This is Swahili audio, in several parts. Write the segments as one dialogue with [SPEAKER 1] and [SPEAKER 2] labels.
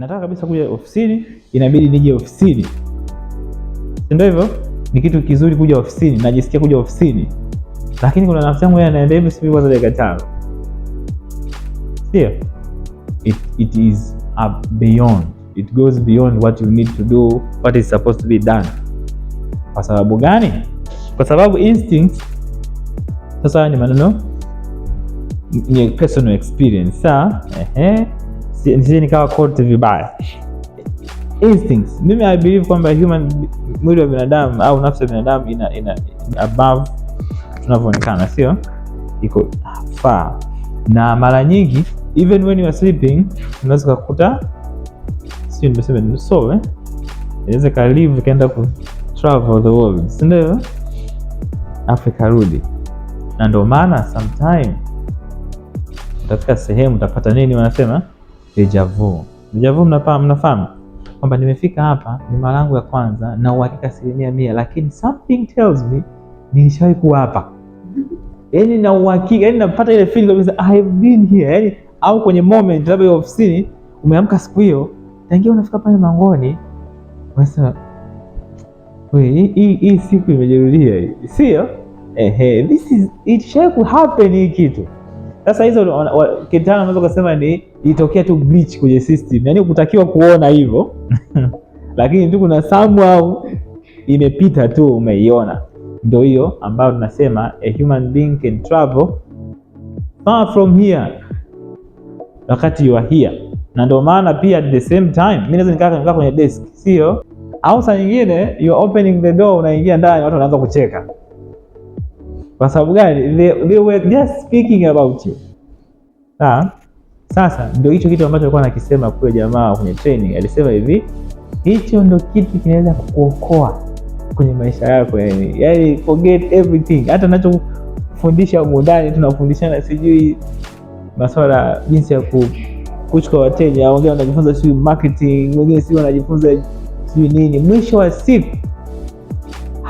[SPEAKER 1] nataka kabisa kuja ofisini, inabidi nije ofisini, si ndio? Hivyo ni kitu kizuri kuja ofisini, najisikia kuja ofisini, lakini kuna nafsi yangu anaenda hivi sipi kwanza dakika tano, sio? It, it is a beyond, it goes beyond what you need to do, what is supposed to be done. Kwa sababu gani? Kwa sababu instinct sasa ni maneno ni personal experience, sawa? Ehe nisije nikawa quote vibaya. Instincts, mimi I believe kwamba human, mwili wa binadamu au nafsi ya binadamu ina, ina above tunavyoonekana, sio iko far, na mara nyingi even when you are sleeping unaweza kukuta, sio nimesema ni so eh, inaweza ka live ikaenda ku travel the world, si ndio? Afrika rudi, na ndio maana sometime utafika sehemu utapata nini, wanasema deja vu. Deja vu mnafahamu kwamba nimefika hapa ni mara yangu ya kwanza na uhakika asilimia mia, lakini something tells me nilishawahi kuwa hapa, Yani na uhakika, yani napata ile feeling kabisa I have been here, Yani au kwenye moment labda ya ofisini umeamka siku hiyo, tangia unafika pale mangoni unasema hii siku imejerudia, sio? Ehe, this is it, shall happen hii kitu sasa hizo kitana unaweza kusema ni itokea tu glitch kwenye system, yani ukutakiwa kuona hivyo lakini tu kuna somehow imepita tu umeiona. Ndio hiyo ambayo tunasema a human being can travel far from here wakati you are here, na ndio maana pia at the same time mimi naweza nikaa kwenye desk, sio au saa nyingine you are opening the door, unaingia ndani, watu wanaanza kucheka. Kwa sababu gani? They, they were just speaking about you. Ha? Sasa ndio hicho kitu ambacho alikuwa anakisema kule jamaa kwenye training. Alisema hivi, hicho ndio kitu kinaweza kukuokoa kwenye maisha yako yani. Yani, forget everything. Hata nachofundisha ndani tunafundishana sijui masuala jinsi ya ku kuchukua wateja, wengine wanajifunza sijui marketing, wengine sijui wanajifunza sijui nini. Mwisho wa siku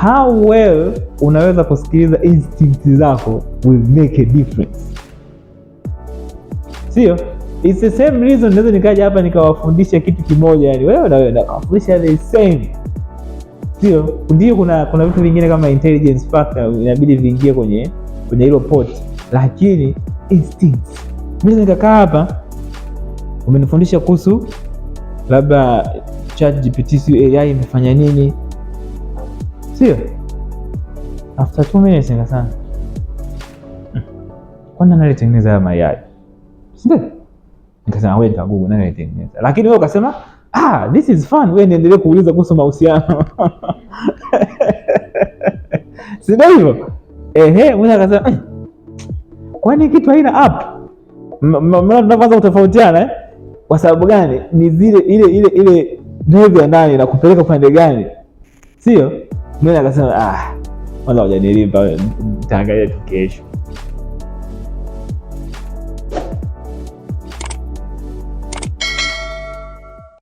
[SPEAKER 1] how well unaweza kusikiliza instinct zako will make a difference, sio? It's the same reason naweza nikaja hapa nikawafundisha kitu kimoja, yani wewe na wewe nakawafundisha the same, sio ndio? Kuna kuna vitu vingine kama intelligence factor inabidi viingie kwenye kwenye hilo pot, lakini instincts, mimi nikakaa hapa, umenifundisha kuhusu labda ChatGPT, AI imefanya nini sio? After two minutes nikasema hmm. kwani nani alitengeneza haya mayai, si Nikasema ah, wewe nikagugu nani alitengeneza, lakini wewe ukasema ah, this is fun. Wewe niendelee kuuliza kuhusu mahusiano si hivyo? Ehe, mmoja akasema hmm, kwani kitu haina app, mbona tunaanza kutofautiana eh? Kwa sababu gani? Ni zile ile ile ile drive ya ndani na kupeleka upande gani, sio? Mimi akasema ah, wala hujanilipa, nitaangalia kesho.